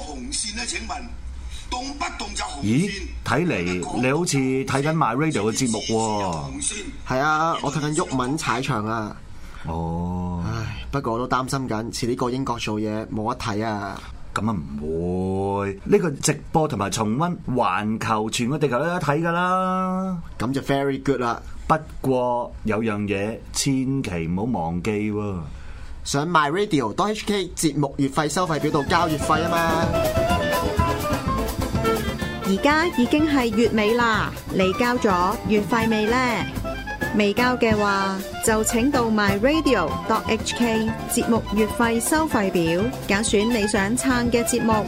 紅線咧，請問動不動就紅線咦，睇嚟你好似睇緊 my radio 嘅節目喎、啊。係啊，我睇緊毓民踩場啊。哦，唉，不過我都擔心緊，似呢個英國做嘢冇得睇啊。咁啊唔會，呢、這個直播同埋重溫，環球全個地球都有得睇噶啦。咁就 very good 啦。不過有樣嘢，千祈唔好忘記喎、啊。想 myradio.hk 節目月費收費表度交月費啊嘛，而家已經係月尾啦，你交咗月費未呢？未交嘅話，就請到 myradio.hk 節目月費收費表揀選你想撐嘅節目。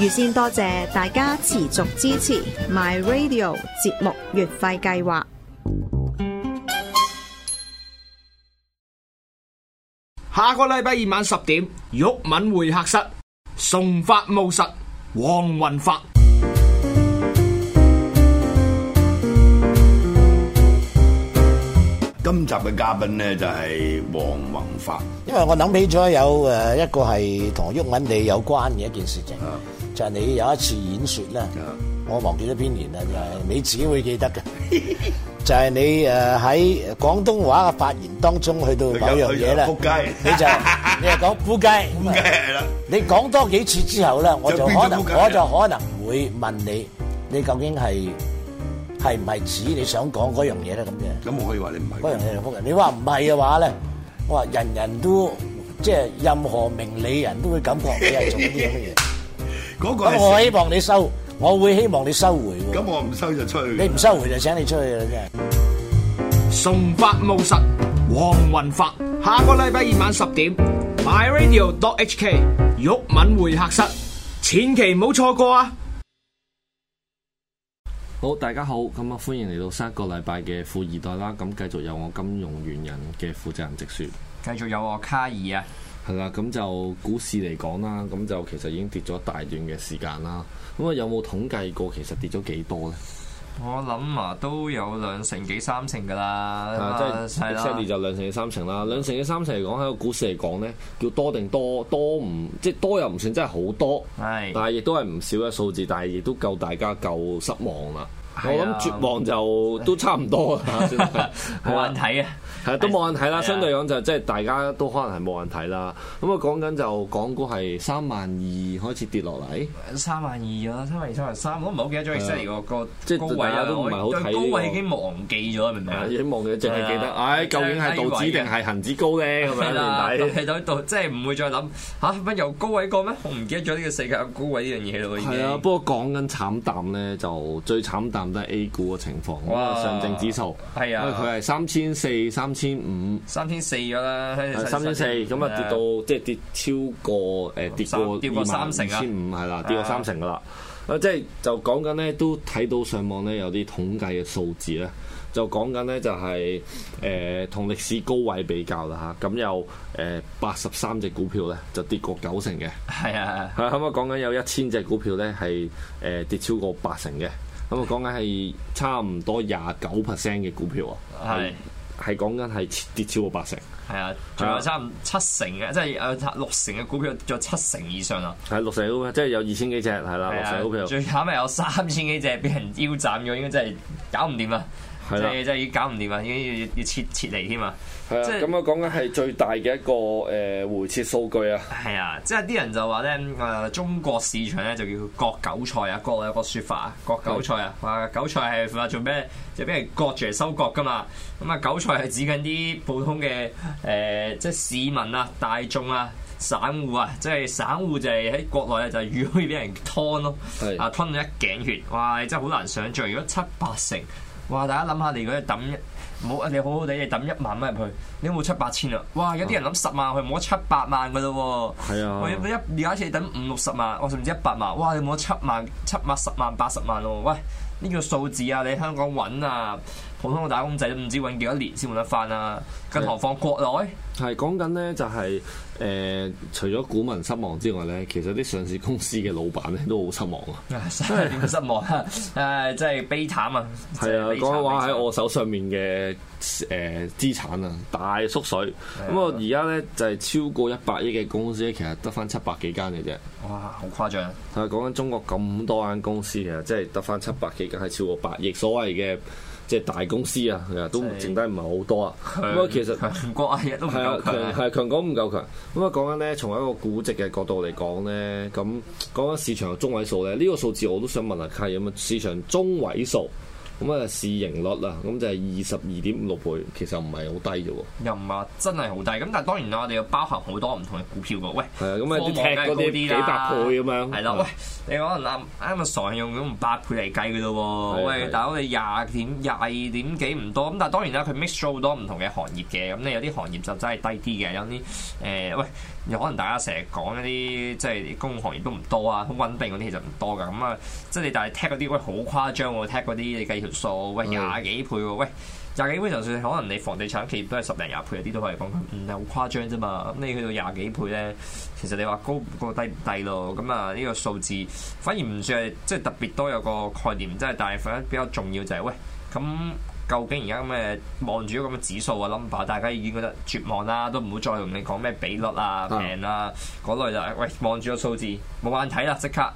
預先多謝，謝大家持續支持 myradio 節目月費計劃。下個禮拜二晚十點，毓民會客室，崇法務實，黃雲發。今集嘅嘉賓咧就係黃雲發，因為我諗起咗有誒一個係同毓民你有關嘅一件事情，啊、就係你有一次演說咧，啊、我忘記咗邊年啦，就係、是、你自己會記得嘅。 就係你誒喺廣東話嘅發言當中去到某樣嘢啦，你就你係講仆街，你講多幾次之後咧，我就可能我就可能會問你，你究竟係係唔係指你想講嗰樣嘢咧？咁樣咁我可以話你唔係嗰樣嘢係仆街，你話唔係嘅話咧，我話人人都即係任何明理人都會感覺你係做啲咁嘅嘢。嗰個我希望你收。我會希望你收回，咁我唔收就出去。你唔收回就請你出去啦，真係。崇法務實，黃雲發，下個禮拜二晚十點，my radio dot hk，玉敏會客室，千祈唔好錯過啊！好，大家好，咁啊，歡迎嚟到新一個禮拜嘅富易袋啦，咁繼續有我金融元人嘅負責人直樹，繼續有我卡爾啊。係啦，咁就股市嚟講啦，咁就其實已經跌咗大段嘅時間啦。咁啊，有冇統計過其實跌咗幾多咧？我諗啊，都有兩成幾、三成㗎啦。即係，係啦，就兩成幾、三成啦。兩成幾、三成嚟講喺個股市嚟講咧，叫多定多？多唔，即係多又唔算真係好多。係，但係亦都係唔少嘅數字，但係亦都夠大家夠失望啦。我諗絕望就都差唔多，冇 人睇看啊，係都冇人睇啦。相對講就即係大家都可能係冇人睇啦。咁啊講緊就港股係三萬二開始跌落嚟，三萬二啊，三萬二、三萬三。我唔好記得最犀利個高即係高位啊，都唔係好睇高位已經忘記咗，明唔明？已經忘記，淨係、啊、記得，唉、哎，究竟係道指定係恒指高咧？係咪先？底、啊、就即係唔會再諗吓，乜、啊、由高位過咩？我唔記得咗呢個世界高位呢樣嘢係啊，不過講緊慘淡咧，就最慘淡。咁都係 A 股嘅情況，咁、嗯、哇上證指數，啊、因為佢係三千四、三千五、三千四咗啦，三千四咁啊跌到啊即係跌超過誒、呃、跌過2，跌過三成啊，千五係啦，跌過三成噶啦。啊、嗯，即係就講緊咧，都睇到上網咧有啲統計嘅數字咧，就講緊咧就係誒同歷史高位比較啦吓，咁、啊、有誒八十三隻股票咧就跌過九成嘅，係啊，係係咁啊講緊有一千隻股票咧係誒跌超過八成嘅？咁啊，講緊係差唔多廿九 percent 嘅股票啊，係係講緊係跌超過八成，係啊，仲有差唔七成嘅，即係有六成嘅股票跌咗七成以上啦，係、啊、六成即係有二千幾隻係啦、啊，六成股票，最慘咪有三千幾隻俾人腰斬咗，應該真係搞唔掂啦。即係就要搞唔掂啊！要要要撤撤離添啊！係啊的！咁啊講緊係最大嘅一個誒、呃、回撤數據啊！係啊！即係啲人就話咧誒中國市場咧就叫割韭菜啊！國內有個説法啊，割韭菜啊，話、嗯啊、韭菜係話做咩？就係俾人割住嚟收割噶嘛！咁啊韭菜係指緊啲普通嘅誒即係市民啊、大眾啊、散戶啊，即係散戶就係喺國內咧就是、越可以俾人吞咯，啊吞咗、啊、一頸血，血，哇！真係好難想象，如果七八成、呃。哇！大家諗下嚟，如果你抌一冇，你好好地你抌一萬蚊入去，你有冇七八千啦。哇！有啲人諗十萬去，冇得七八萬噶咯喎。係啊。喂，啊、一而家好似抌五六十萬，我甚至一百萬，哇！你冇得七萬、七萬、十萬、八十萬？喂，呢個數字啊，你香港揾啊！普通打工仔都唔知揾幾多年先揾得翻啊！更何況國內係講緊咧，就係、是、誒、呃、除咗股民失望之外咧，其實啲上市公司嘅老闆咧都好失望啊！點樣 失望啊？誒、呃，真係悲慘啊！係啊，講緊話喺我手上面嘅誒資產啊，大縮水。咁的我而家咧就係、是、超過一百億嘅公司咧，其實得翻七百幾間嘅啫。哇！好誇張啊！係講緊中國咁多間公司，其實即係得翻七百幾間係超過百億，所謂嘅。即係大公司啊，其實都剩低唔係好多啊。咁的實啊，其實強國啊嘢都唔夠強，係強港唔夠強。咁啊，講緊咧，從一個估值嘅角度嚟講咧，咁講緊市場中位數咧，呢個數字我都想問下卡有冇市場中位數。咁啊市盈率啦，咁就係二十二點六倍，其實唔係好低啫喎。又唔係真係好低，咁但係當然啦，我哋要包含好多唔同嘅股票噶。喂，係啊、嗯，咁啊啲踢啲幾百倍咁樣，係咯的。的喂，你可能啱啱 Amazon 用咗唔百倍嚟計噶咯喎。是的 喂，但我哋廿點廿二點幾唔多，咁但係當然啦，佢 mix 咗好多唔同嘅行業嘅，咁你有啲行業就真係低啲嘅，有啲誒、呃，喂。又可能大家成日講一啲即係公務行業都唔多啊，好穩定嗰啲其實唔多噶。咁啊，即係你但係聽嗰啲喂好誇張喎，聽嗰啲你計條數喂廿幾倍喎，喂廿幾倍就算可能你房地產企業都係十零廿倍，有啲都可以講唔係好誇張啫嘛。咁你去到廿幾倍咧，其實你話高唔高、低唔低咯。咁啊呢個數字反而唔算係即係特別多有個概念，即係但係反而比較重要就係、是、喂咁。究竟而家咁嘅望住咁嘅指數啊 number，大家已經覺得絕望啦，都唔好再同你講咩比率啊平啊嗰類啦。喂，望住個數字冇眼睇啦，即刻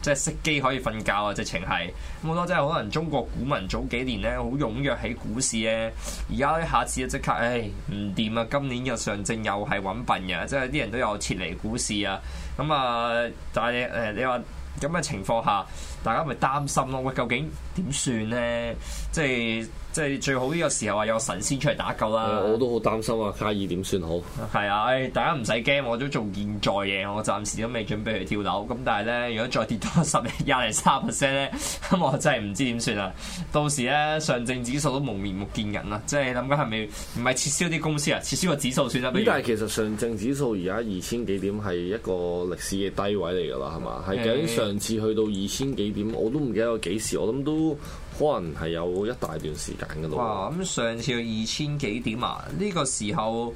即係熄機可以瞓覺啊，直情係咁好多。即係可能中國股民早幾年咧好踴躍喺股市咧，而家下次咧即刻，唉唔掂啊！今年嘅上證又係揾笨嘅，即係啲人都有撤離股市啊。咁啊，但係誒你話咁嘅情況下，大家咪擔心咯喂，究竟點算咧？即係即係最好呢個時候啊，有神仙出嚟打救啦！我都好擔心啊，卡爾點算好？係啊，大家唔使驚，我都做現在嘢，我暫時都未準備去跳樓。咁但係咧，如果再跌多十零廿零三十 percent 咧，咁我真係唔知點算啦。到時咧，上證指數都冇面目見人啦，即係諗緊係咪唔係撤銷啲公司啊？撤銷個指數算啦。但係其實上證指數而家二千幾點係一個歷史嘅低位嚟㗎啦，係嘛？係，究竟 Okay. 上次去到二千幾。我都唔記得有幾時，我諗都可能係有一大段時間嘅咯。咁、啊、上次去二千幾點啊？呢個時候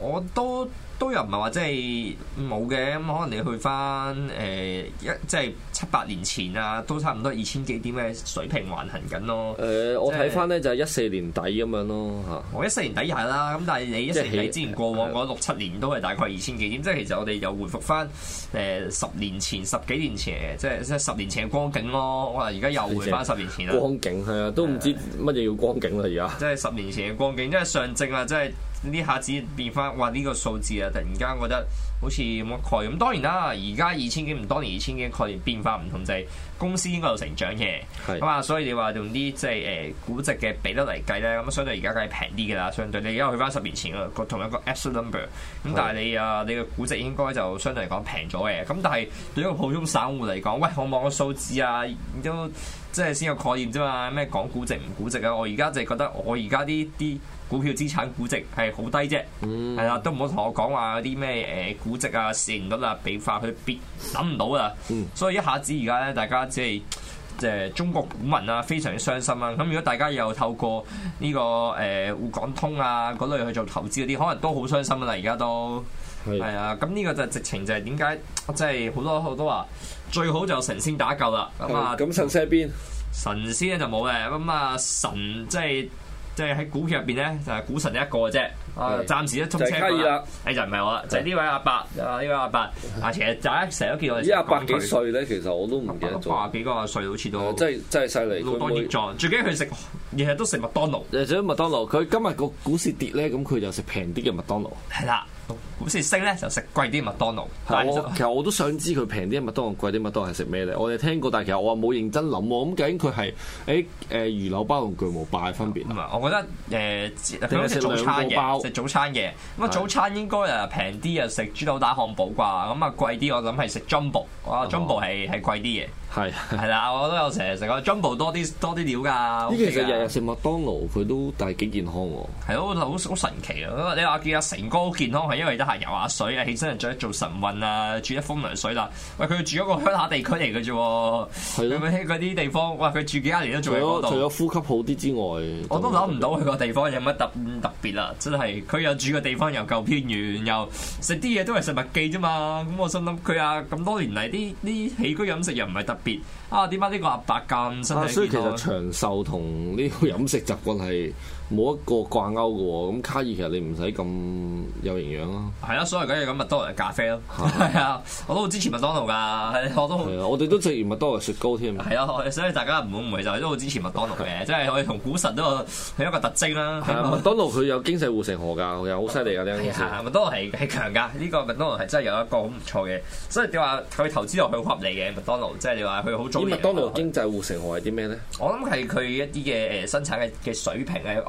我都。都又唔係話真係冇嘅，咁可能你去翻誒一即係七八年前啊，都差唔多二千幾點嘅水平運行緊咯。誒、呃，我睇翻咧就係一四年底咁樣咯嚇。我一四年底又係啦，咁但係你一四年底之前是過往嗰六七年都係大概二千幾點，的即係其實我哋又回復翻誒、呃、十年前、十幾年前，即係即係十年前嘅光景咯。哇！而家又回翻十年前啊，光景係啊，都唔知乜嘢叫光景啦而家。即係十年前嘅光景，因為上證啊，即係。呢下子變翻，哇！呢個數字啊，突然間覺得好似冇乜概念。咁當然啦，而家二千幾唔當年二千幾嘅概念變化唔同，就係公司應該有成長嘅。咁是 啊，所以你話用啲即係誒估值嘅比率嚟計咧，咁相對而家梗係平啲㗎啦。相對，相對你而家去翻十年前個同一個 extra number，咁但係你啊，你嘅估值應該就相對嚟講平咗嘅。咁但係對一個普通散戶嚟講，喂，我望個數字啊，都即係先有概念啫嘛。咩講估值唔估值啊？我而家就係覺得我而家啲啲。股票資產估值係好低啫，係啦、嗯，都唔好同我講話啲咩誒估值啊市盈率啊，比法去，別諗唔到啦，所以一下子而家咧，大家即係誒中國股民啊，非常之傷心啊！咁如果大家又透過呢、這個誒滬、呃、港通啊嗰類去做投資嗰啲，可能都好傷心啦！而家都係啊，咁呢是、啊、個就是、直情就係點解即係好多好多話最好就神仙打救啦！咁啊，咁、嗯、神、神仙喺邊、嗯？神仙咧就冇嘅，咁啊神即係。即係喺股票入邊咧，就係股神一個嘅啫。啊！暫時都沖車啦，你就唔係我啦，就係呢位阿伯，阿、啊、呢位阿伯 啊，其實就一成日都見我。一啊八幾歲咧，其實我都唔記得咗。八啊幾個阿歲，好似、哦、都真係真係犀利。老當益壯，最驚佢食，日日都食麥當勞。誒，日日食麥當勞，佢今日個股市跌咧，咁佢就食平啲嘅麥當勞。係啦，股市升咧就食貴啲嘅麥當勞。係的其，其實我都想知佢平啲嘅麥當勞、貴啲嘅麥當勞係食咩咧？我哋聽過，但其實我話冇認真諗。咁究竟佢係誒誒魚柳包同巨無霸嘅分別？唔係，我覺得誒，佢食兩個包。食早餐嘅咁啊，早餐應該啊平啲啊食豬柳蛋漢堡啩，咁啊貴啲我諗係食 jumbo，哇、oh. jumbo 係係貴啲嘅。係係啦，我都有成日食個 jumbo 多啲多啲料㗎。呢其實日日食麥當勞佢都但係幾健康喎。係好好好神奇啊！你話見阿成哥好健康係因為得閒游下水啊，起身嚟做一做晨運啊，住一風涼水啦。喂，佢住一個鄉下地區嚟嘅啫。係咯的。佢啲地方，哇！佢住幾十年都做喺嗰度。除咗呼吸好啲之外，我都諗唔到佢個地方有乜特特別啊！真係佢有住嘅地方又夠偏遠，又食啲嘢都係、啊、食麥記啫嘛。咁我心諗佢阿咁多年嚟，啲啲起居飲食又唔係特。啊！點解呢個阿伯咁身體健康？啊，所以其實長壽同呢個飲食習慣係。冇一個掛鈎嘅喎，咁卡爾其實你唔使咁有營養咯。係啊，所以梗係咁，麥當勞嘅咖啡咯。係啊，啊，我都好支持麥當勞㗎。係，我都、啊、我哋都食完麥當勞雪糕添。係啊，所以大家唔好唔會，就係都好支持麥當勞嘅，啊、即係我哋同股神都有，佢一個特徵啦。係啊，麥當勞佢、這個、有經濟護城河㗎，又好犀利㗎呢間公司。係啊，麥當勞係強㗎，呢、就、個、是、麥當勞係真係有一個好唔錯嘅。所以你話佢投資落去好合理嘅，麥當勞即係你話佢好中意。而麥當勞經濟護城河係啲咩咧？我諗係佢一啲嘅誒生產嘅嘅水平係。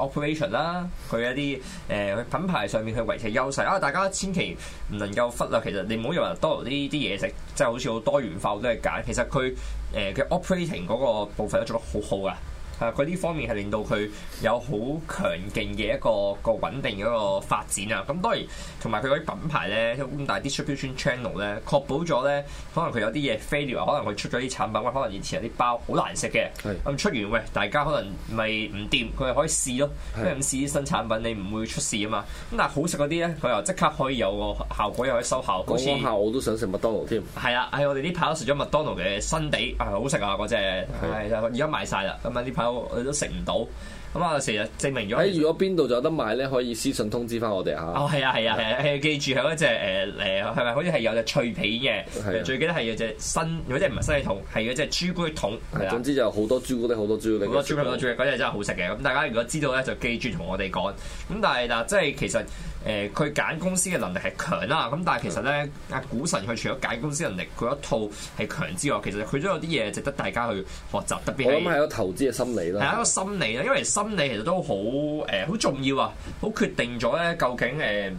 啦，佢一啲誒、呃、品牌上面佢維持優勢啊，大家千祈唔能夠忽略。其實你唔好以為多呢啲嘢食，即係好似好多元化我都係揀，其實佢誒嘅 operating 嗰個部分都做得好好噶。誒，佢呢、啊、方面係令到佢有好強勁嘅一個一個穩定嘅一個發展啊！咁當然同埋佢嗰啲品牌咧，咁大 distribution channel 咧，確保咗咧，可能佢有啲嘢 fail，可能佢出咗啲產品，喂、啊，可能以前有啲包好難食嘅，咁是、嗯、出完，喂，大家可能咪唔掂，佢係可以試咯，佢係咁試啲新產品，你唔會出事啊嘛！咁、啊、但係好食嗰啲咧，佢又即刻可以有個效果，又可以收效果。嗰個下我都想食麥當勞添。係啊，係我哋呢排都食咗麥當勞嘅新地，係好食啊！嗰、啊、隻係而家賣晒啦，咁啊佢都食唔到。咁啊，成日、嗯、證明咗。喺如果邊度就有得賣咧，可以私信通知翻我哋嚇、啊。哦，係啊，係啊，係係、啊啊、記住喺一隻誒誒，係咪好似係有隻脆皮嘅？啊、最記得係有隻新，如果即唔係新嘅桶，係嗰隻朱古力桶。係啊，啊。總之就好多朱古力，好多朱古力。好多朱古力，嗰隻真係好食嘅。咁大家如果知道咧，就記住同我哋講。咁但係嗱，即係其實誒，佢、呃、揀公司嘅能力係強啦。咁但係其實咧，阿股、嗯、神佢除咗揀公司能力佢一套係強之外，其實佢都有啲嘢值得大家去學習。特別係有投資嘅心理啦。係一個心理啦，因為咁你其實都好誒，好、呃、重要啊，好決定咗咧，究竟誒誒、呃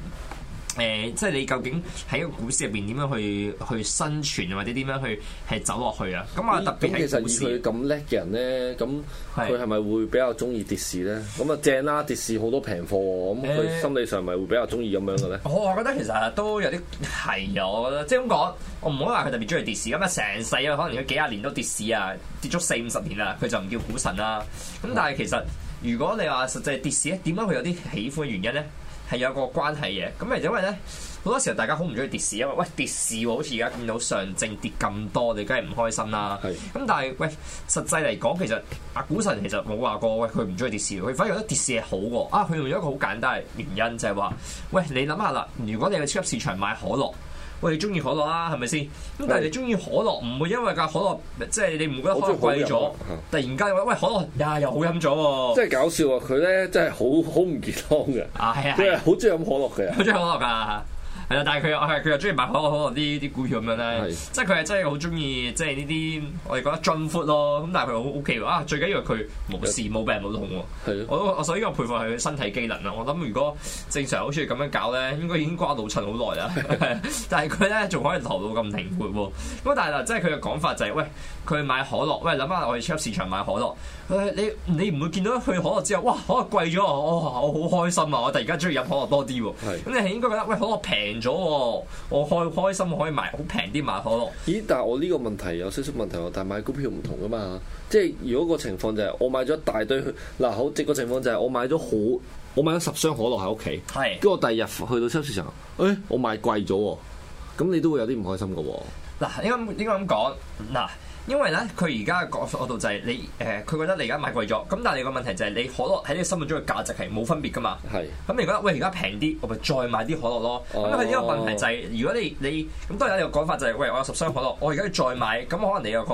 呃，即係你究竟喺個股市入邊點樣去去生存，或者點樣去係走落去啊？咁啊，特別係股市咁叻嘅人咧，咁佢係咪會比較中意跌市咧？咁是啊正啦，跌市好多平貨喎，咁佢心理上咪會比較中意咁樣嘅咧、呃？我覺得其實都有啲係啊，我覺得即係咁講，我唔好話佢特別中意跌市，咁啊成世啊，可能佢幾廿年都跌市啊，跌足四五十年啦，佢就唔叫股神啦。咁但係其實。如果你話實際跌市咧，點解佢有啲喜歡嘅原因咧？係有個關係嘅，咁係因為咧，好多時候大家好唔中意跌市，因為喂，跌市喎，好似而家見到上證跌咁多，你梗係唔開心啦。咁是但係喂，實際嚟講，其實阿股神其實冇話過，喂，佢唔中意跌市，佢反而覺得跌市係好喎。啊，佢用咗一個好簡單嘅原因就係、是、話，喂你諗下啦，如果你去超級市場買可樂。喂，你中意可樂啦，啊，係咪先？咁但係你中意可樂，唔會因為架可樂，即係你唔覺得可樂貴咗，啊，突然間喂喂可樂呀又好飲咗，啊，即係搞笑啊！佢咧真係好好唔健康嘅，係啊好中意飲可樂嘅，好中意可樂噶。啊係啊，但係佢又係佢又中意買可樂可樂啲啲股票咁樣咧，即係佢係真係好中意即係呢啲我哋覺得進闊咯。咁但係佢好 OK 啊，最緊要係佢無事冇病冇痛喎。我 food,、OK 啊、我所以我，我佩服係佢身體機能啊。我諗如果正常好似咁樣搞咧，應該已經瓜老襯好耐啦。但係佢咧仲可以留到咁停闊喎。咁但係嗱，即係佢嘅講法就係、是、喂，佢買可樂，喂諗返我去超級市場買可樂，你你唔會見到佢可樂之後，哇可樂貴咗、哦、我好開心啊，我突然間中意飲可樂多啲喎。咁你係應該覺得喂可樂平。咗我開開心可以買好平啲買可樂。咦？但係我呢個問題有少少問題喎，但係買股票唔同噶嘛。即係如果個情況就係我買咗一大堆，嗱、啊、好直個情況就係我買咗好，我買咗十箱可樂喺屋企。係是，跟住我第二日去到超市場，誒、哎，我買貴咗，咁你都會有啲唔開心噶、啊。嗱，應該應該咁講，嗱、啊。因為咧，佢而家嘅角度就係你誒，佢、呃、覺得你而家買貴咗。咁但係你個問題就係你可樂喺你心目中嘅價值係冇分別噶嘛？係。咁你覺得喂而家平啲，我咪再買啲可樂咯。咁佢呢個問題就係如果你你咁當然有個講法就係、是、喂，我有十箱可樂，我而家要再買，咁可能你有個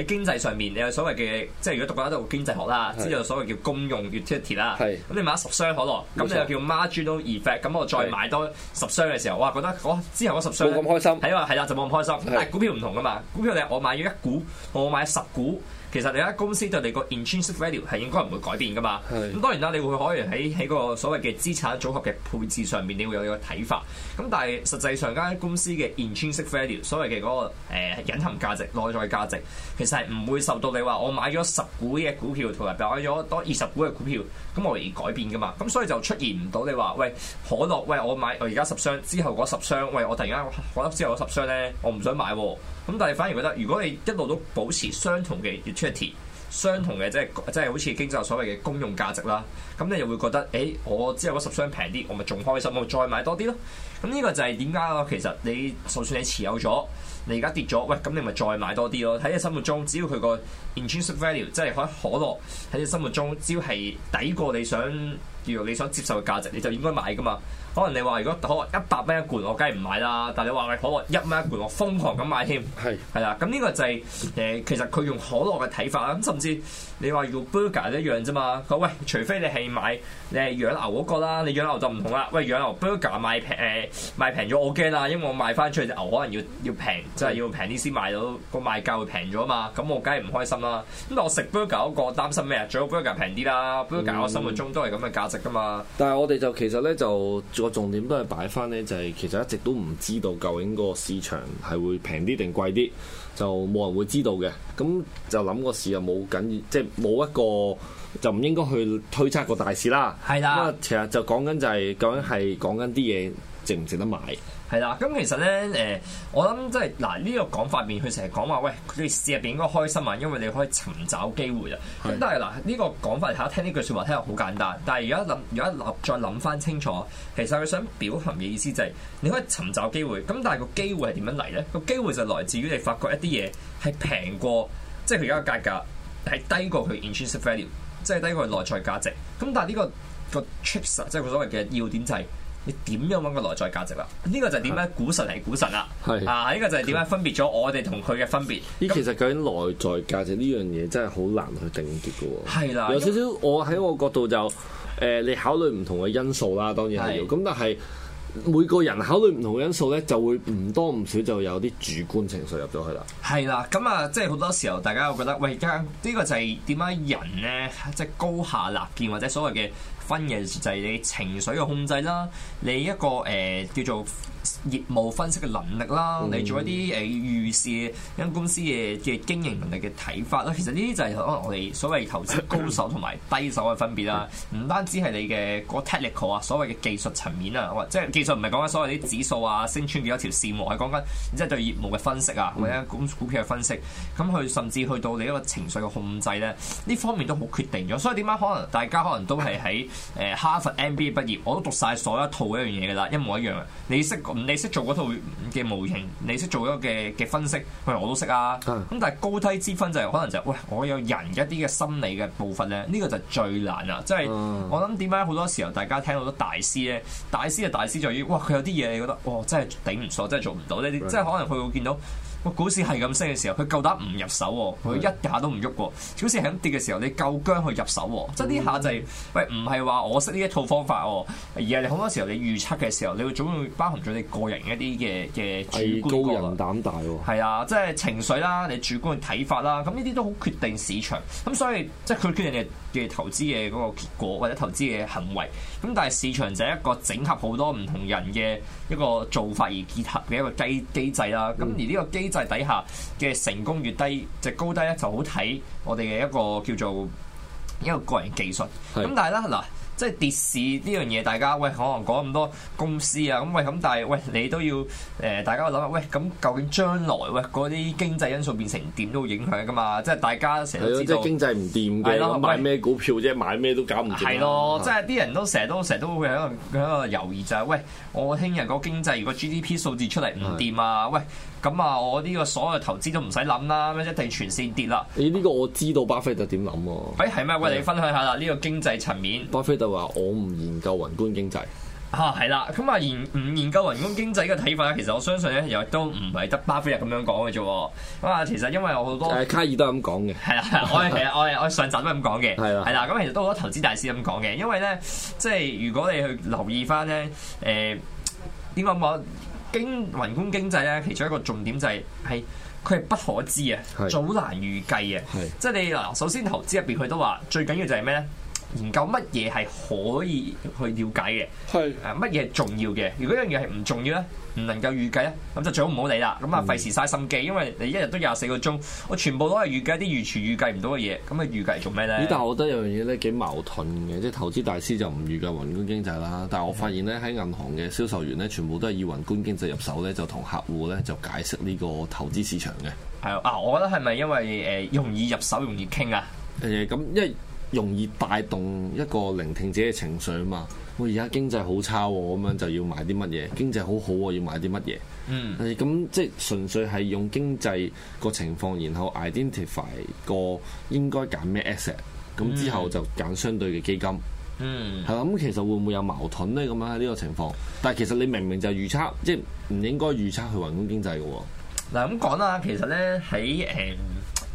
喺經濟上面你有所謂嘅，即係如果讀過一啲經濟學啦，知道是所謂叫公用 utility 啦。咁你買十箱可樂，咁錯你就叫 marginal effect。咁我再買多十箱嘅時候，哇，覺得我之後嗰十箱冇咁開心。係啊，係啦，就冇咁開心。是但係股票唔同噶嘛，股票你我買咗一股。我買十股，其實你間公司對你個 intrinsic value 係應該唔會改變噶嘛。咁是當然啦，你會可以喺喺個所謂嘅資產組合嘅配置上面，你會有一個睇法。咁但係實際上間公司嘅 intrinsic value，所謂嘅嗰、那個誒、呃、隱含價值、內在價值，其實係唔會受到你話我買咗十股嘅股票，同埋買咗多二十股嘅股票，咁我而改變噶嘛。咁所以就出現唔到你話喂可樂，喂我買我而家十箱，之後嗰十箱，喂我突然間覺得之後嗰十箱咧，我唔想買喎、哦。咁但係反而覺得，如果你一路都保持相同嘅 utility，相同嘅即係即係好似經濟所謂嘅公用價值啦，咁你又會覺得，誒、欸、我之後嗰十箱平啲，我咪仲開心，我再買多啲咯。咁呢個就係點解咯？其實你就算你持有咗，你而家跌咗，喂，咁你咪再買多啲咯。喺你心目中，只要佢個 intrinsic value，即係可可樂喺你心目中，只要係抵過你想，要你想接受嘅價值，你就應該買噶嘛。可能你話如果可樂一百蚊一罐，我梗係唔買啦。但係你話喂可樂一蚊一罐，我瘋狂咁買添。係係啦，咁呢個就係、是、誒、呃、其實佢用可樂嘅睇法啦。咁甚至你話要 burger 一樣啫嘛。喂，除非你係買你係養牛嗰個啦，你養牛就唔同啦。喂，養牛 burger 賣平、呃、賣平咗，我驚啦，因為我賣返出去隻牛可能要要平，即、就、係、是、要平啲先賣到個賣價會平咗嘛。咁我梗係唔開心啦。咁我食 burger 嗰、那個擔心咩啊？最好 burger 平啲啦，burger、嗯、我心目中都係咁嘅價值㗎嘛。但係我哋就其實咧就。個重點都係擺翻呢，就係、是、其實一直都唔知道究竟個市場係會平啲定貴啲，就冇人會知道嘅。咁就諗個事又冇緊，即係冇一個就唔應該去推測個大市啦。係啦的，咁其實就講緊就係究竟係講緊啲嘢值唔值得買。係、嗯呃就是、啦，咁其實咧，誒，我諗即係嗱，呢個講法面，佢成日講話，喂，佢哋事入邊應該開心啊，因為你可以尋找機會啊。咁是但係嗱，呢、這個講法睇下，聽呢句説話聽落好簡單。但係而家諗，而家諗再諗翻清楚，其實佢想表達嘅意思就係你可以尋找機會。咁但係個機會係點樣嚟咧？那個機會就來自於你發覺一啲嘢係平過，即係佢而家個價格係低過佢 intrinsic value，即係低過內在價值。咁但係呢、這個、那個 tricks 即係佢所謂嘅要點就係、是。你點樣揾個內在價值啦、啊？呢、呢個就係點解股神嚟股神啦！啊，呢是、啊呢個就係點樣分別咗我哋同佢嘅分別？呢其實究竟內在價值呢樣嘢真係好難去定奪嘅喎。啦的，有少少我喺我角度就誒、呃，你考慮唔同嘅因素啦，當然係要咁，的但係每個人考慮唔同嘅因素咧，就會唔多唔少就有啲主觀情緒入咗去啦。係啦，咁啊，即係好多時候，大家會覺得喂，而家呢個就係點解人咧，即、就、係、是、高下立見或者所謂嘅。分嘅就係你情緒嘅控制啦，你一個誒、呃、叫做業務分析嘅能力啦，嗯、你做一啲誒預示一間公司嘅嘅經營能力嘅睇法啦。其實呢啲就係可能我哋所謂投資高手同埋低手嘅分別啦。唔、嗯、單止係你嘅個 technical 啊，所謂嘅技術層面啊，我即係技術唔係講緊所謂啲指數啊、升穿幾多條線喎，係講緊即係對業務嘅分析啊，或者股股票嘅分析。咁佢甚至去到你一個情緒嘅控制咧，呢方面都好決定咗。所以點解可能大家可能都係喺誒哈佛 MBA 畢業，我都讀晒所有一套一,一樣嘢㗎啦，一模一樣嘅。你識你識做嗰套嘅模型，你識做咗嘅嘅分析，餵、哎、我都識啊。咁但係高低之分就係、是、可能就係、是，喂，我有人一啲嘅心理嘅部分咧，呢、這個就最難啦。即係我諗點解好多時候大家聽到好多大師咧，大師啊大師在於，哇，佢有啲嘢你覺得，哇，真係頂唔順，真係做唔到呢啲，Right. 即係可能佢會見到。股市係咁升嘅時候，佢夠膽唔入手喎、哦？佢一下都唔喐喎。是的 股市係咁跌嘅時候，你夠姜去入手喎、哦？嗯、即係呢下就係，喂，唔係話我識呢一套方法喎、哦，而係你好多時候你預測嘅時候，你會總會包含咗你個人一啲嘅嘅主觀，觀藝高人膽大喎。係啊，即係情緒啦，你主觀嘅睇法啦，咁呢啲都好決定市場。咁所以即係佢決定你嘅投資嘅嗰個結果或者投資嘅行為。咁但係市場就係一個整合好多唔同人嘅一個做法而結合嘅一個機制個機制啦。咁而呢個機就底下嘅成功越低，就高低咧就好睇我哋嘅一個叫做一個個人技術。咁但係啦，嗱，即係跌市呢樣嘢，大家喂可能講咁多公司啊，咁喂咁，但係喂你都要誒，大家諗下喂，咁究竟將來喂嗰啲經濟因素變成點都會影響噶嘛？即係大家成日都知道，即係經濟唔掂嘅，買咩股票啫？買咩都搞唔掂。係咯，即係啲人都成日都成日都會喺度喺度猶豫就係喂，我聽日個經濟如果 GDP 數字出嚟唔掂啊，喂。咁啊，我呢個所有投資都唔使諗啦，一定全線跌啦。誒，呢個我知道巴菲特點諗喎？誒，係咩？餵你分享下啦，呢個經濟層面。巴菲特話：我唔研究宏觀經濟。嚇係啦，咁啊研唔研究宏觀經濟嘅睇法咧？其實我相信咧，又都唔係得巴菲特咁樣講嘅啫。咁啊，其實因為我好多，卡爾都係咁講嘅。係啦，我其實我我上集都係咁講嘅。係啦，係啦，咁其實都好多投資大師咁講嘅。因為咧，即係如果你去留意翻咧，誒，呢個我。經宏觀經濟咧，其中一個重點就係係佢係不可知啊，好是難預計啊，是即係你嗱，首先投資入邊佢都話最緊要就係咩咧？研究乜嘢係可以去了解嘅？係誒乜嘢重要嘅？如果一樣嘢係唔重要咧，唔能夠預計咧，咁就最好唔好理啦。咁啊費事嘥心機，嗯、因為你一日都廿四個鐘，我全部都係預計啲完全預計唔到嘅嘢，咁啊預計做咩咧？咦！但係我覺得有樣嘢咧幾矛盾嘅，即係投資大師就唔預計宏觀經濟啦。但我發現咧喺的銀行嘅銷售員咧，全部都係以宏觀經濟入手咧，就同客戶咧就解釋呢個投資市場嘅。係啊，我覺得係咪因為誒、呃、容易入手、容易傾啊？誒咁、嗯嗯，因為容易帶動一個聆聽者嘅情緒啊嘛！我而家經濟好差喎、哦，咁樣就要買啲乜嘢？經濟好好、哦、喎，要買啲乜嘢？嗯，咁即係純粹係用經濟個情況，然後 identify 個應該揀咩 asset，咁之後就揀相對嘅基金。嗯，係啦，咁其實會唔會有矛盾呢？咁樣喺呢個情況，但係其實你明明就係預測，即係唔應該預測去揾緊經濟嘅喎。嗱，咁講啦，其實呢喺誒。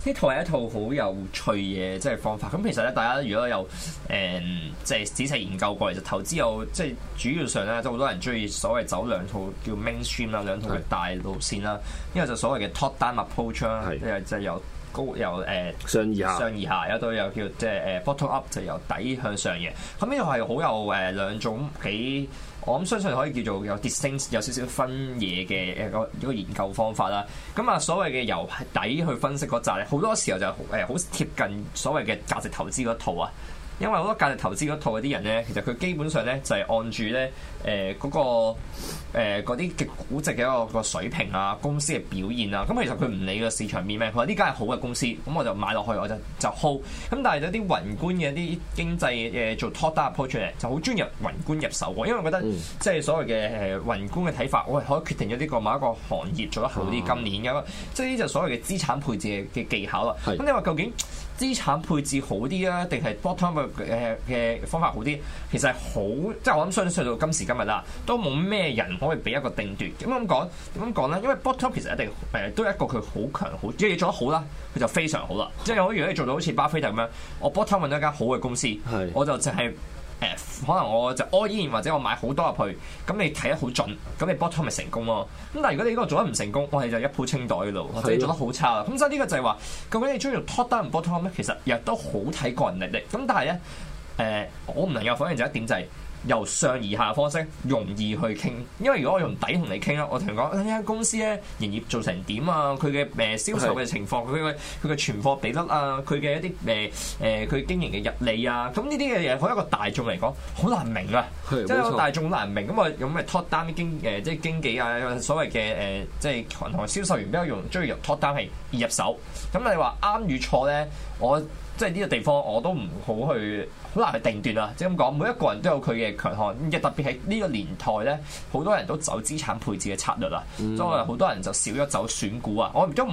呢套係一套好有趣嘅即係方法，咁其實咧，大家如果有誒即係仔細研究過嚟，就投資有即係、即係、主要上咧，都好多人中意所謂走兩套叫 mainstream 啦，兩套嘅大路線啦，一個是就所謂嘅 top down approach 啦是，一係即係有。高又誒上而下，上而下有都有叫即係誒 bottom up 就由底向上嘅。咁呢度係好有誒兩種幾，我諗相信可以叫做有 distinct，有少少分野嘅一個一個研究方法啦。咁啊，所謂嘅由底去分析嗰紮咧，好多時候就誒好貼近所謂嘅價值投資嗰套啊。因為好多價值投資嗰套嗰啲人咧，其實佢基本上咧就係、是、按住咧誒嗰個嗰啲嘅估值嘅一個一個水平啊，公司嘅表現啊，咁其實佢唔理個市場面咩，佢話呢間係好嘅公司，咁我就買落去，我就就 hold。咁但係有啲宏觀嘅啲經濟誒做 top down approach 嚟，就好專入宏觀入手喎。因為我覺得即係所謂嘅誒宏觀嘅睇法，我係可以決定咗呢個某一個行業做得好啲今年咁。即係呢就所謂嘅資產配置嘅技巧啦。咁是你話究竟？資產配置好啲啊，定係 bottom 嘅嘅、呃、方法好啲？其實係好，即係我諗追溯到今時今日啦，都冇咩人可以俾一個定斷。點解咁講？點解咁講咧？因為 bottom 其實一定誒、呃、都係一個佢好強好，只要你做得好啦，佢就非常好啦。即係我如果你做到好似巴菲特咁樣，我 bottom 揾到一間好嘅公司，是我就淨係。誒可能我就 all in 或者我買好多入去，咁你睇得好準，咁你 bottom 咪成功咯。咁但係如果你呢個做得唔成功，我哋就一鋪清袋嗰度，或者你做得好差啦。咁是的、嗯、所以呢個就係話，究竟你中意用 top down 唔 bottom 咧，其實亦都好睇個人力、呃、能力。咁但係咧，誒我唔能夠否認就一點就係、是，由上而下方式容易去傾，因為如果我用底同你傾啦，我同你講呢間公司咧營業做成點啊？佢嘅誒銷售嘅情況，佢嘅佢嘅存貨比率啊，佢嘅一啲誒誒佢經營嘅入理啊，咁呢啲嘅嘢，好一個大眾嚟講好難明啊，即係是大眾難明。咁啊錯用咩 top down 拖單經誒、呃、即係經紀啊，所謂嘅誒、呃就是呃、即係銀行銷售員比較用，中意用 top down 嚟入手。咁你話啱與錯咧，我。我即係呢個地方我都唔好去，好難去定斷啊！即係咁講，每一個人都有佢嘅強項，特別係呢個年代咧，好多人都走資產配置嘅策略啦、啊，嗯、所以好多人就少咗走選股啊！我唔都唔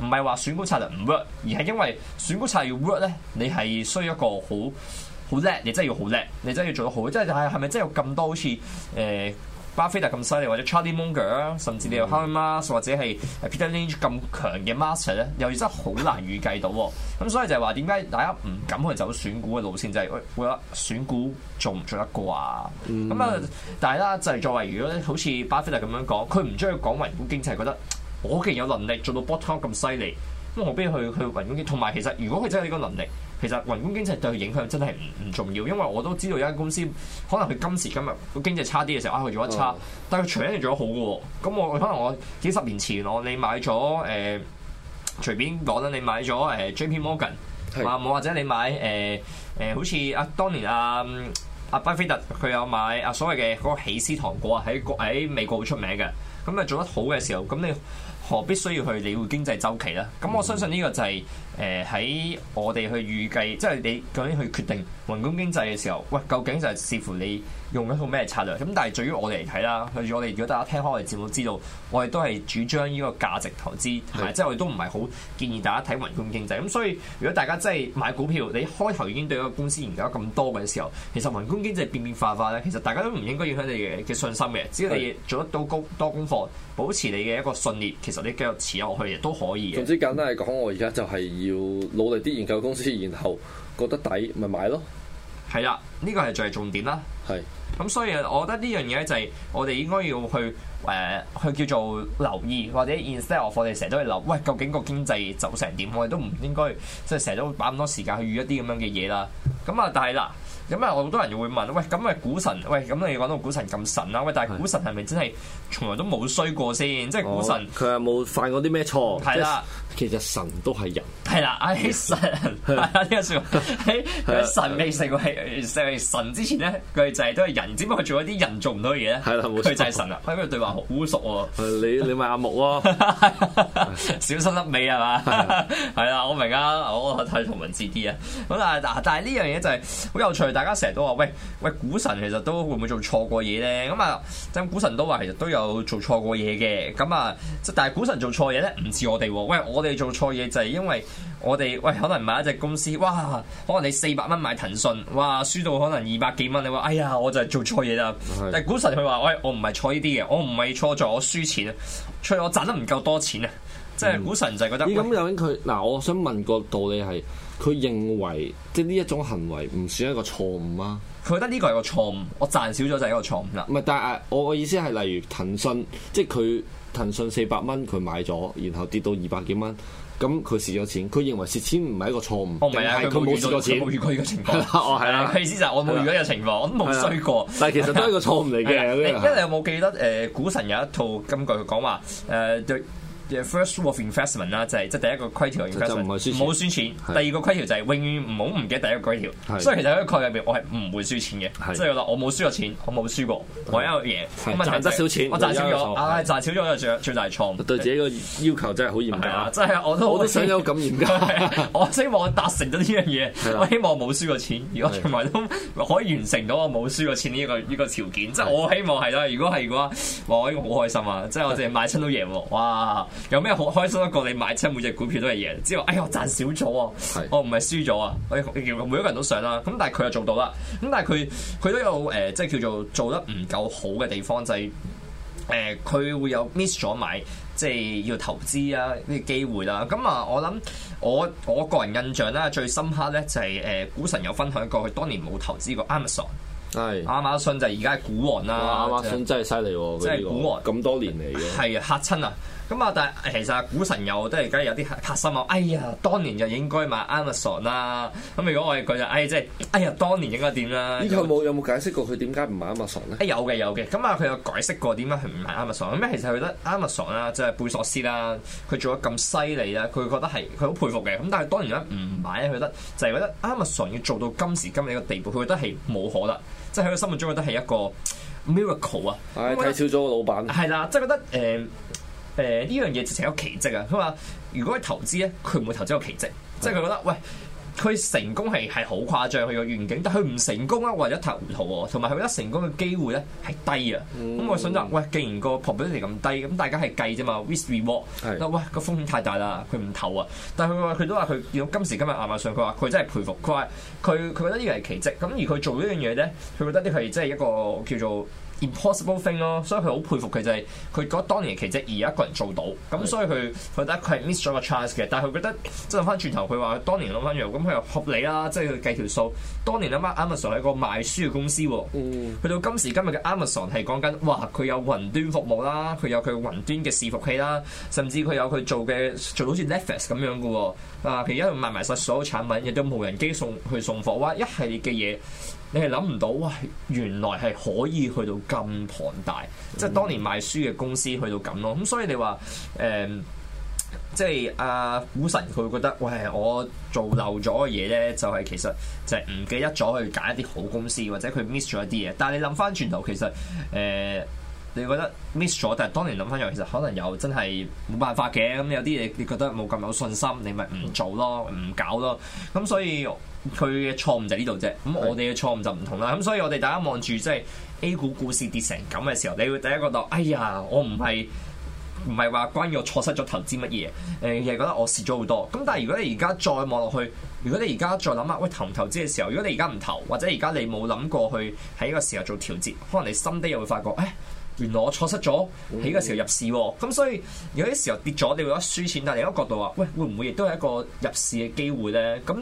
唔係話選股策略唔 work，而係因為選股策略要 work 咧，你係需要一個好好叻，你真係要好叻，你真係要做得好，即係係係咪真係有咁多好似誒？巴菲特咁犀利，或者 Charlie Munger，甚至你有 Howard Marks 或者係 Peter Lynch 咁強嘅 master 咧，又真係好難預計到咁， 所以就係話點解大家唔敢去走選股嘅路線、就是，就係喂會選股做唔做得過啊。咁啊、嗯？但係啦，就係、是、作為如果好似巴菲特咁樣講，佢唔中意講宏觀經濟，就是、覺得我既然有能力做到 bottom up 咁犀利，咁何必去去宏觀經濟？同埋其實如果佢真係呢個能力。其實運工經濟對佢影響真係唔唔重要，因為我都知道有間公司可能佢今時今日個經濟差啲嘅時候，啊、哎、佢做得差，嗯、但係佢除咗一樣做得好嘅喎，咁我可能我幾十年前我你買咗誒、呃，隨便講啦，你買咗誒 J P Morgan 啊，冇，或者你買誒誒，好似啊當年阿、啊、阿、啊、巴菲特佢有買啊所謂嘅嗰個喜詩糖果啊，喺國、喺美國好出名嘅，咁、嗯、啊做得好嘅時候，咁你。何必需要去理會經濟周期咧？咁我相信呢個就係誒喺我哋去預計，即係你究竟去決定宏觀經濟嘅時候，喂，究竟就係視乎你。用一套咩策略咁？但係，對於我哋嚟睇啦，我哋如果大家聽開，我哋節目，會知道，我哋都係主張呢個價值投資，係即係我哋都唔係好建議大家睇宏觀經濟咁。所以，如果大家真係買股票，你開頭已經對一個公司研究咁多嘅時候，其實宏觀經濟變變化化咧，其實大家都唔應該影響你嘅嘅信心嘅。只要你做得到多多功課，保持你嘅一個信念，其實你繼續持有落去亦都可以嘅。總之簡單嚟講，我而家就係要努力啲研究公司，然後覺得抵咪買咯。係啦，呢個係最係重點啦。係，咁、嗯、所以我覺得呢樣嘢就係我哋應該要去誒、呃、去叫做留意，或者 instead of 我哋成日都係諗，喂，究竟個經濟走成點？我哋都唔應該即係成日都擺咁多時間去預一啲咁樣嘅嘢啦。咁、嗯、啊，但係嗱，咁啊，好多人又會問，喂，咁啊股神，喂，咁、那個、你講到股神咁神啦，喂，但係股神係咪真係從來都冇衰過先？即係股神佢、哦、有冇犯過啲咩錯？係啦的。就是其實， 其實神都係人，係啦 算， 神，呢啲嘅說神未成為成為神之前咧，佢就係都係人，只不過做一啲人做唔到嘅嘢咧。係啦，冇錯，佢就係神啦。今日對話好污糟喎，你你咪阿木喎，小心粒尾係嘛？係啦，我明啊，我睇同文字啲啊。咁但係嗱，但係呢樣嘢就係好有趣，大家成日都話喂喂，股神其實都會唔會做錯過嘢咧？咁啊，咁股神都話其實都有做錯過嘢嘅。咁啊，即但係股神做錯嘢咧，唔似我哋，喂我。你做錯嘢就係因為我哋，喂，可能買一隻公司哇，可能你四百蚊買騰訊哇，輸到可能二百幾蚊，你話哎呀，我就係做錯嘢啦。是的 但係股神佢話：喂，我唔係錯呢啲嘅，我唔係錯在，我輸錢，所以我賺得唔夠多錢啊！嗯、即係股神就係覺得咁有啲佢嗱，我想問個道理係？佢認為即呢一種行為唔算一個錯誤啊？佢覺得呢個係個錯誤，我賺少咗就係一個錯誤啦。唔係，但係我嘅意思係，例如騰訊，即係佢騰訊四百蚊佢買咗，然後跌到二百幾蚊，咁佢蝕咗錢。佢認為蝕錢唔係一個錯誤，但係佢冇蝕過錢冇遇過呢個情況。係啊、 哦，意思就係我冇遇過呢個情況，我都冇衰過。但係其實都係一個錯誤嚟嘅、 欸。你有冇記得誒股神有一套金句？佢講話誒 First rule of investment 啦，就係即係第一個規條，唔好輸錢。第二個規條就係永遠唔好唔記得第一個規條。所以其實喺個概念入邊，我係唔會輸錢嘅。即係我冇輸過錢，我冇輸過，我贏，唔係賺得少錢，我賺少咗。唉，賺少咗就最大錯誤。對自己個要求真係好嚴格，即係我都我都想有咁嚴格。我希望達成咗呢樣嘢，我希望我冇輸過錢。如果從來都可以完成到我冇輸過錢呢一個呢個條件，即係我希望係啦。如果係嘅話，我應該好開心啊！即係我淨係買親都贏喎，哇！有咩好開心得過你買親每隻股票都係贏之後，哎呀，賺少咗喎，是我唔係輸咗啊！我每一個人都想啦，咁但係佢又做到啦，咁但係佢佢都有誒即係叫做做得唔夠好嘅地方，就係誒佢會有 miss 咗買即係、就是、要投資啊呢個機會啦。咁啊，我諗我我個人印象咧最深刻咧就係誒股神有分享過佢當年冇投資過 Amazon，係亞馬是遜就而家係股王啦，亞馬遜真係犀利喎，即係股王咁多年嚟嘅，係嚇親啊！咁啊、嗯！但係其實股神又都而家有啲拍心啊！哎呀，當年就應該買 Amazon 啦、啊。咁如果我哋佢就哎，即係哎呀，當年應該點啦？呢個冇有冇解釋過佢點解唔買 Amazon 咧？有嘅有嘅。咁啊，佢有，有解釋過點、哎、解佢唔買 Amazon、啊。咁其實佢覺得 Amazon 啊，即、就、係、是、貝索斯啦、啊，佢做得咁犀利啊，佢覺得係佢好佩服嘅。咁但係當年咧唔買，佢覺得就係覺得 Amazon 要做到今時今日嘅地步，佢覺得係冇可能。即係喺佢心目中覺得係一個 miracle 啊！睇、哎、少咗個老闆。係啦，即、就、係、是、覺得誒。呃誒呢樣嘢直情有奇蹟啊！佢話、呃：如果投資咧，佢唔會投資個奇蹟，奇蹟的即係佢覺得喂，佢成功係係好誇張，佢個願景，但佢唔成功啊，或者投糊同埋佢覺得成功嘅機會咧係低啊。咁我、嗯、想擇喂，既然個 probability 咁低，咁大家係計啫嘛，risk reward 的。係。喂，個風險太大啦，佢唔投啊。但係佢話，佢都話佢到今時今日亞馬遜，佢話佢真係佩服，佢話佢佢覺得呢樣係奇蹟。咁而佢做呢樣嘢咧，佢覺得啲係真係一個叫做。impossible thing 咯、哦，所以佢好佩服佢就係佢嗰當年奇蹟而有一個人做到，咁所以佢佢覺得佢係 missed a chance 嘅，但係佢覺得即諗翻轉頭，佢話當年諗翻轉頭，咁佢又合理啦，即係佢計條數，當年阿媽 Amazon 係個賣書嘅公司喎，嗯、去到今時今日嘅 Amazon 係講緊，哇佢有雲端服務啦，佢有佢雲端嘅伺服器啦，甚至佢有佢做嘅做好似 Netflix 咁樣嘅喎，啊佢一路賣埋晒所有產品，亦都無人機送去送貨啊，一系列嘅嘢。你係諗唔到，喂，原來係可以去到咁龐大，嗯、即係當年賣書嘅公司去到咁咯。咁所以你話誒、呃，即係阿股神佢覺得，喂，我做漏咗嘅嘢咧，就係、是、其實就係唔記得咗去揀一啲好公司，或者佢 miss 咗一啲嘢。但係你諗翻轉頭，其實誒。呃你覺得 miss 咗，但係當年諗翻又其實可能又真係冇辦法嘅。咁有啲嘢，你覺得冇咁有信心，你咪唔做咯，唔搞咯。咁所以佢嘅錯誤就係呢度啫。咁我哋嘅錯誤就唔同啦。咁所以我哋大家望住即係 A 股股市跌成咁嘅時候，你會第一個覺得哎呀，我唔係唔係話關於我錯失咗投資乜嘢？誒、呃，係覺得我蝕咗好多。咁但係如果你而家再望落去，如果你而家再諗下，喂，投唔投資嘅時候，如果你而家唔投，或者而家你冇諗過去喺呢個時候做調節，可能你心底又會發覺誒。哎原來我錯失咗起嘅時候入市、哦，咁所以有啲時候跌咗，你會覺得輸錢。但係另一個角度話，喂，會唔會亦都係一個入市嘅機會咧？咁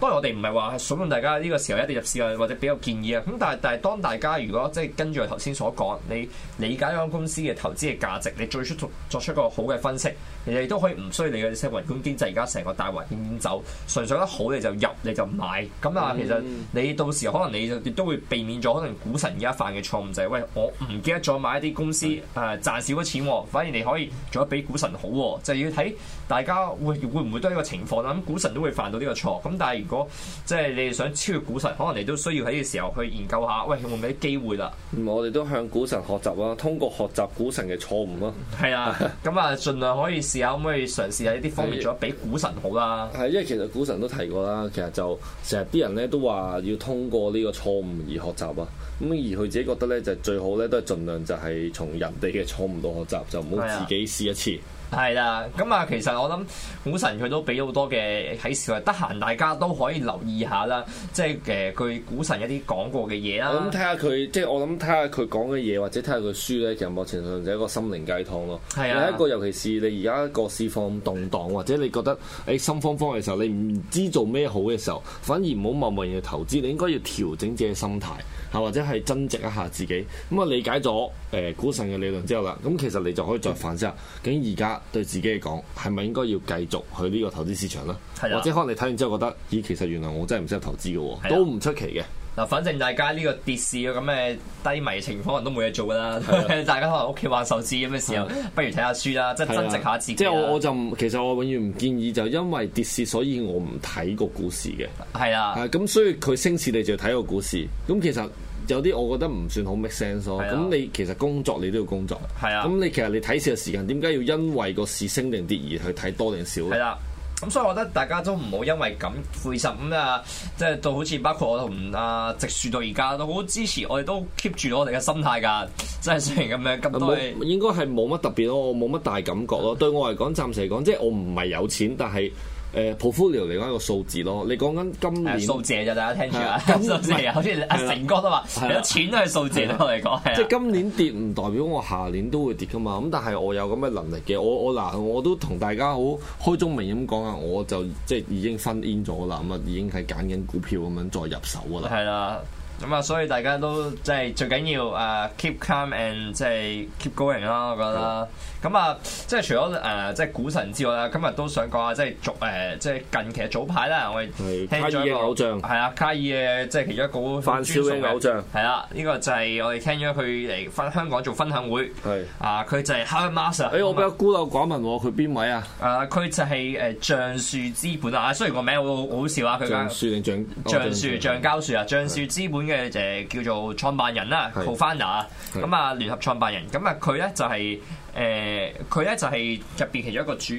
當然我哋唔係話想問大家呢個時候一定要入市啊，或者比較建議啊。咁但係但係當大家如果即係跟住我頭先所講，你理解一間公司嘅投資嘅價值，你最出做出一個好嘅分析。其實都可以唔需要會你嘅啲新宏觀經濟，而家成個大環境走，純粹得好你就入你就買咁啊！其實你到時候可能你就都會避免咗可能股神而家犯嘅錯誤、就是，就係喂，我唔記得咗買一啲公司誒是的、啊、賺少咗錢、哦，反而你可以做得比股神好、哦，就係、是、要睇大家會會唔會都係呢個情況啦。咁、嗯、股神都會犯到呢個錯誤，咁但係如果即係、就是、你想超越股神，可能你都需要喺呢個時候去研究下，喂，會會有冇啲機會啦、啊。我哋都向股神學習啦、啊，通過學習股神嘅錯誤啦、啊的。係 啊，咁啊，儘量可以。試下可唔可以嘗試下呢啲方面是做得比股神好啦？係，因為其實股神都提過啦，其實就成日啲人咧都話要通過呢個錯誤而學習啊。咁而佢自己覺得咧，就最好咧都係盡量就係從人哋嘅錯誤度學習，就唔好自己試一次。係啦，咁啊，其實我諗股神佢都俾好多嘅喺市，啊得閒大家都可以留意下啦，即係誒佢股神一啲、就是、講過嘅嘢啦。我諗睇下佢，即係我諗睇下佢講嘅嘢，或者睇下佢書咧，其實目前上就係一個心靈雞湯咯。係啊的，有一個尤其是你而家個市況動盪，或者你覺得誒、欸、心慌慌嘅時候，你唔知做咩好嘅時候，反而唔好貿貿然嘅投資，你應該要調整自己嘅心態，嚇或者係增值一下自己。咁啊理解咗誒股神嘅理論之後啦，咁其實你就可以再反思下，究竟而家，對自己嚟講，係咪應該要繼續去呢個投資市場咧？係啦，或者可能你睇完之後覺得，咦，其實原來我真係唔識得投資嘅喎，是啊、都唔出奇嘅。嗱，反正大家呢個跌市嘅咁嘅低迷情況人都冇嘢做㗎喇，是啊、 大家可能屋企玩手指咁嘅時候，是啊、不如睇下書啦，是啊、即係增值下自己、啊。即係我我就唔，其實我永遠唔建議就因為跌市，所以我唔睇個股市嘅。係是啊，啊，係咁，所以佢升市你就睇個股市。咁其實。有啲我覺得唔算好 make sense 咯。咁的你其實工作你都要工作。係啊的。咁你其實你睇市嘅時間，點解要因為個市升定跌而去睇多定少咧？係啦。咁所以我覺得大家都唔好因為咁灰心。咁、嗯、啊，即係到好似包括我同阿直樹到而家都好支持，我哋都 keep 住我哋嘅心態㗎。即係雖然咁樣，咁都應該係冇乜特別咯。我冇乜大感覺咯。的對我嚟講，暫時嚟講，即係我唔係有錢，但係。誒 portfolio 嚟講一個數字咯，你講緊今年、啊、數字就大家聽住啊，今數字是好似阿成哥都話，有啲、啊、錢都係數字啦，我哋講即係今年跌唔代表我下年都會跌噶嘛，咁但係我有咁嘅能力嘅，我我嗱我，我都同大家好開宗明義咁講啊，我就即係已經分 in 咗啦，咁啊已經喺揀緊股票咁樣再入手噶啦。係啦、啊，咁啊所以大家都即係、就是、最緊要啊、uh, keep calm and 即係 keep going 啦，我覺得。咁啊，即係除咗誒即係股神之外咧，今日都想講下即係逐誒即係近期嘅早排啦。我哋聽咗一個係啊，卡爾嘅即係其中一個專屬嘅偶像係啦，呢個就係我哋聽咗佢嚟翻香港做分享會，啊，佢就係 Howard Marks。誒，我比較孤陋寡聞喎，佢邊位啊？啊，佢就係誒橡樹資本啊，雖然個名好好笑啊，佢講橡樹橡橡樹膠樹啊，橡樹資本嘅就叫做創辦人啦 cofounder 咁啊，聯合創辦人，咁啊，佢咧就係。誒，佢咧、呃、就係入邊其中一個主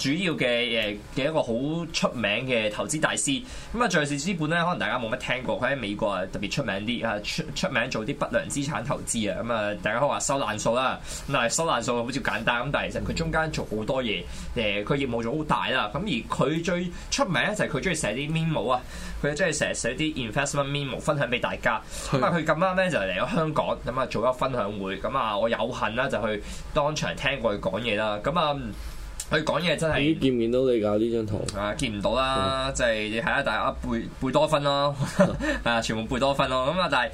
主要嘅誒嘅一個好出名嘅投資大師，咁啊，橡樹資本咧，可能大家冇乜聽過，佢喺美國啊特別出名啲啊，出出名做啲不良資產投資啊，咁、嗯、啊，大家可話收爛數啦，咁啊，收爛數好似簡單，咁但係其實佢中間做好多嘢，誒、呃，佢業務做好大啦，咁、嗯、而佢最出名就係佢中意寫啲 memo 啊，佢又中意成日寫啲 investment memo 分享俾大家，咁、嗯、啊，佢咁啱咧就嚟咗香港，咁、嗯、啊，做咗分享會，咁、嗯、啊，我有幸啦就去當場聽過佢講嘢啦，咁、嗯、啊。嗯。佢講嘢真係，見唔見到你㗎呢張圖？啊，見唔到啦，就係係啊，大家貝貝多芬咯，係啊，全部貝多芬咯。咁啊，但係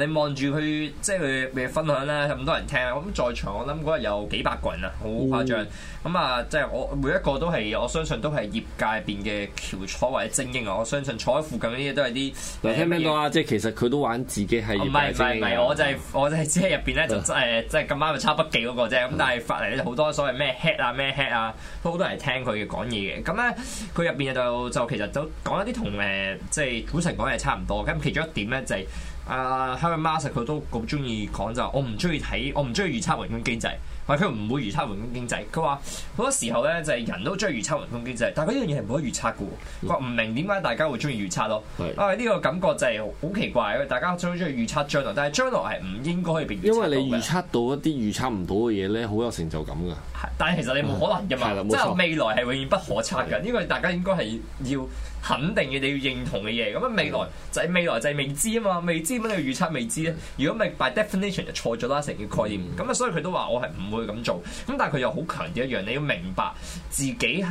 嗱，你望住佢，即係佢嘅分享啦，咁多人聽啊。咁在場，我諗嗰日有幾百個人啊，好誇張。咁、嗯、啊，即係我每一個都係，我相信都係業界入邊嘅翹楚或者精英啊。我相信坐喺附近嗰啲都係啲。有聽邊個啊？即係其實佢都玩自己係。唔係唔係，我，我是的 就係、是、我就係即係入邊咧就誒，即係咁啱就抄筆記嗰個啫。咁但係發嚟好多所謂咩 hat 啊咩 hat 啊。都好多人聽佢嘅講嘢嘅，咁咧佢入邊就就其實就講一啲同誒即係股神講嘢差唔多，咁其中一點咧就係啊 Harvey Marcus 佢都好中意講就係我唔中意睇我唔中意預測宏觀經,經,、就係、經濟，但係佢唔會預測宏觀經濟。佢話好多時候咧就係人都中意預測宏觀經濟，但係佢呢樣嘢係唔可以預測嘅喎。佢話唔明點解大家會中意預測咯，嗯、啊呢、呢個感覺就係好奇怪，大家好中意預測將來，但係將來係唔應該去預測，因為你預測到一啲預測唔到嘅嘢咧，好有成就感㗎。但係其實你冇可能噶嘛，即係、嗯、未來係永遠不可測嘅，呢個錯大家應該係要肯定嘅，你要認同嘅嘢。咁啊未來就係未來就係未知啊嘛，未知咁你要預測未知咧，如果咪 by definition 就錯咗啦成件概念。咁啊、嗯、所以佢都話我係唔會咁做。咁但係佢又好強調一樣，你要明白自己喺誒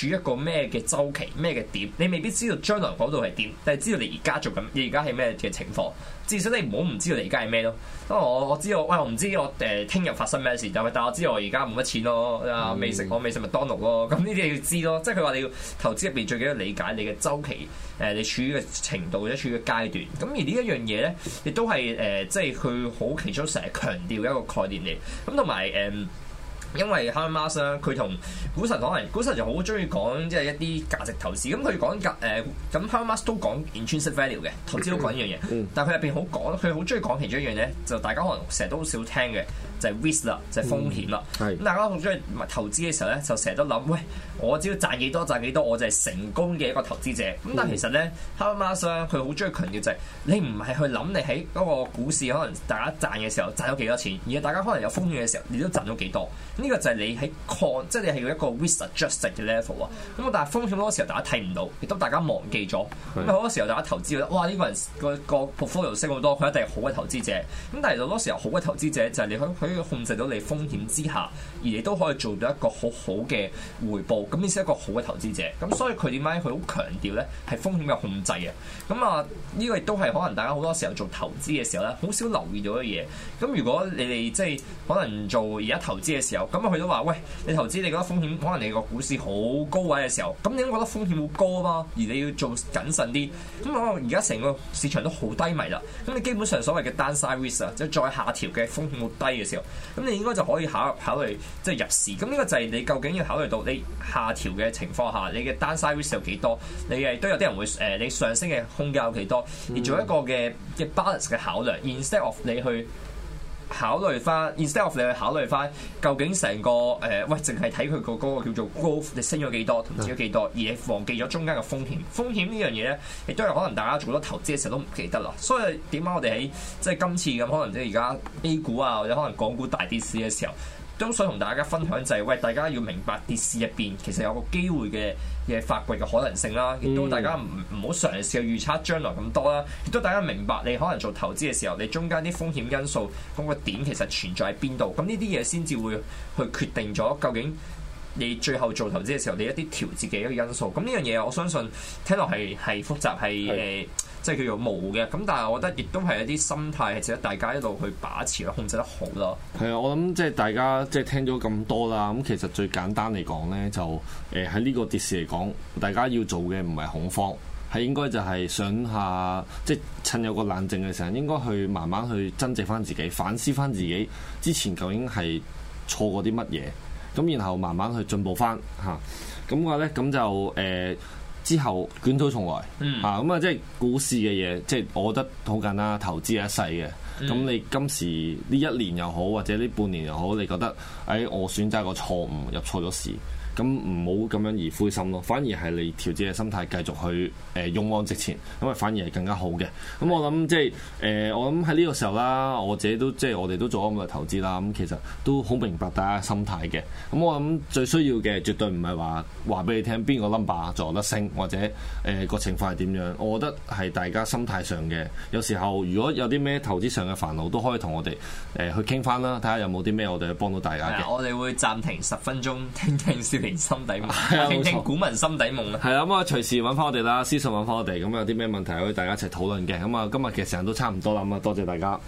處於一個咩嘅週期，咩嘅點，你未必知道將來嗰度係點，但係知道你而家做緊，你而家係咩嘅情況。至少你唔好唔知道你而家係咩咯，因為我我知道，喂，我唔知我誒聽日發生咩事，但但我知道我而家冇乜錢咯，啊，未食的意思我未食麥當勞咯，咁呢啲你要知咯，即係佢話你要投資入邊最緊要理解你嘅周期，誒、呃，你處於嘅程度或者處於嘅階段，咁而呢一樣嘢咧，亦都係誒、呃，即係佢好其中成日強調嘅一個概念嚟，咁同埋誒。因為 h a r m a Mas 啊，佢同股神可能股神就好中意講即係一啲價值投資，咁佢講價誒，咁、呃、h a r m a Mas 都講 intrinsic value 嘅，投資都講呢樣嘢，但係佢入邊好講，佢好中意講其中一樣嘢，就大家可能成日都好少聽嘅。就 risk 啦，就係、是、風險啦。咁、嗯、大家好中意投資嘅時候咧，就成日都諗，喂，我只要賺幾多賺幾多，我就係成功嘅一個投資者。咁但係其實咧，Howard Marks 佢好中意強調就係、是，你唔係去諗你喺嗰個股市可能大家賺嘅時候賺咗幾多錢，而係大家可能有風險嘅時候，你都賺咗幾多。呢、這個就係你喺抗，即係你係要一個 risk adjusted 嘅 level 啊。咁但係風險好多時候大家睇唔到，亦都大家忘記咗。咁好是多時候大家投資覺得，哇，呢、這個人、那個、那個 portfolio 升好多，佢一定係好嘅投資者。咁但係好多時候好嘅投資者就係你控制到你風險之下。而你都可以做到一個好好嘅回報，咁先係一個好嘅投資者。咁所以佢點解佢好強調呢係風險嘅控制啊！咁啊，呢個亦都係可能大家好多時候做投資嘅時候呢，好少留意到嘅嘢。咁如果你哋即係可能做而家投資嘅時候，咁啊佢都話，喂，你投資你覺得風險可能你個股市好高位嘅時候，咁你都覺得風險好高啊嘛。而你要做謹慎啲。咁可能而家成個市場都好低迷啦。咁你基本上所謂嘅 downside risk 即係再下調嘅風險好低嘅時候，咁你應該就可以考考慮。即係入市咁，呢個就係你究竟要考慮到你下調嘅情況下，你嘅單 side risk 有幾多？你係都有啲人會誒、呃，你上升嘅空間有幾多？而、嗯、做一個嘅嘅 balance 嘅考量，instead of 你去考慮翻，instead of 你去考慮翻，究竟成個誒、呃，喂，淨係睇佢個嗰個叫做 growth，你升咗幾多，同跌咗幾多，嗯、而忘記咗中間嘅風險風險呢樣嘢咧，亦都係可能大家做咗投資嘅時候都唔記得啦。所以點解、啊、我哋喺即係今次咁，可能即係而家 A 股啊，或者可能港股大跌市嘅時候？都想同大家分享就係，喂，大家要明白跌市入邊其實有個機會嘅嘢發掘嘅可能性啦。亦都大家唔唔好嘗試去預測將來咁多啦。亦都大家明白你可能做投資嘅時候，你中間啲風險因素嗰個點其實存在喺邊度。咁呢啲嘢先至會去決定咗究竟你最後做投資嘅時候，你一啲調節嘅一個因素。咁呢樣嘢，我相信聽落係係複雜係誒。即係叫做冇嘅，咁但係我覺得亦都係一啲心態，係值得大家一路去把持去控制得好咯。係啊，我諗即係大家即係聽咗咁多啦，咁其實最簡單嚟講呢，就誒喺呢個跌市嚟講，大家要做嘅唔係恐慌，係應該就係想下即係趁有個冷靜嘅時候，應該去慢慢去增值翻自己，反思翻自己之前究竟係錯過啲乜嘢，咁然後慢慢去進步翻吓。咁、啊、我咧咁就誒。呃之後捲土重來嚇，咁、嗯、啊即係股市嘅嘢，即係我覺得好緊啦。投資一世嘅，咁你今時呢一年又好，或者呢半年又好，你覺得誒、哎、我選擇個錯誤，入錯咗市。咁唔好咁樣而灰心咯，反而係你調節嘅心態，繼續去誒勇往直前，咁啊反而係更加好嘅。咁我諗即係誒，我諗喺呢個時候啦，我自己都即係我哋都做咗咁嘅投資啦，咁其實都好明白大家心態嘅。咁我諗最需要嘅，絕對唔係話話俾你聽邊個 number 仲有得升，或者誒個、呃、情況係點樣。我覺得係大家心態上嘅。有時候如果有啲咩投資上嘅煩惱，都可以同我哋誒、呃、去傾翻啦，睇下有冇啲咩我哋去幫到大家嘅。我哋會暫停十分鐘，聽聽先。心底夢，傾傾股民心底夢啦。係啦，咁啊隨時揾翻我哋啦，私信揾翻我哋。咁有啲咩問題可以大家一齊討論嘅。咁啊今日其實成日都差唔多啦，咁啊多謝大家。